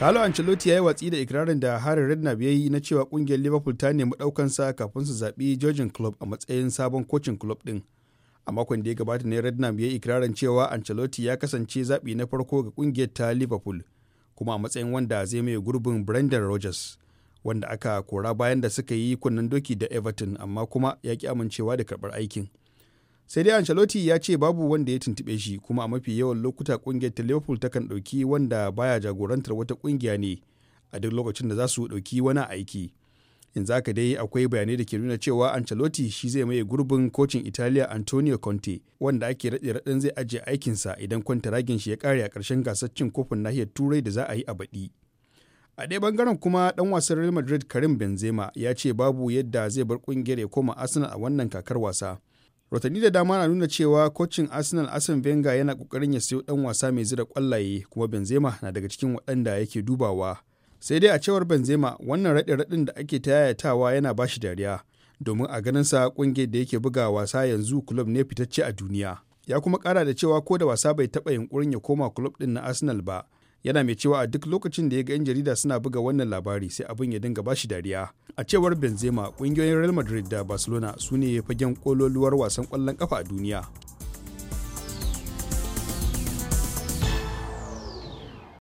Carlo Ancelotti ya yi watsi da ikirarin da Harry Redknapp ya yi na cewa kungiyar Liverpool ta nemi ɗaukansa kafin su zaɓi Georgian Club a matsayin sabon kocin club ɗin. A makon da ya gabata ne Redknapp ya yi ikirarin cewa Ancelotti ya kasance zaɓi na farko ga kungiyar ta Liverpool kuma a matsayin wanda zai mai gurbin Brendan Rodgers wanda aka kora bayan da suka yi kunnen doki da Everton amma kuma ya ki amincewa da karɓar aikin. sai dai ancelotti ya ce babu wanda ya tuntube shi kuma a mafi yawan lokuta kungiyar ta liverpool takan dauki wanda baya jagorantar wata kungiya ne a duk lokacin da za su dauki wani aiki yanzu haka dai akwai bayanai da ke nuna cewa ancelotti shi zai maye gurbin kocin italiya antonio conte wanda ake rade raɗin zai ajiye aikinsa idan kwanta ragin shi ya kare a karshen gasar cin kofin nahiyar turai da za a yi a baɗi a ɗaya bangaren kuma ɗan wasan real madrid karim benzema ya ce babu yadda zai bar ƙungiyar ya koma arsenal a wannan kakar wasa Rotanni da dama na nuna cewa kocin Arsenal Arsene Wenger yana kokarin ya sayo dan wasa mai zira kwallaye kuma Benzema na daga cikin waɗanda yake dubawa. Sai dai a cewar Benzema wannan raɗe-raɗin da ake ta yayatawa yana bashi dariya domin a ganin sa kungiyar da yake buga wasa yanzu club ne fitacce a duniya. Ya kuma kara da cewa ko da wasa bai taɓa yunkurin ya koma club din na Arsenal ba, yana mai cewa a duk lokacin da ya ga 'yan jarida suna buga wannan labari sai abin ya dinga bashi dariya a cewar benzema ƙungiyoyin real madrid da barcelona su ne fagen kololuwar wasan kwallon kafa a duniya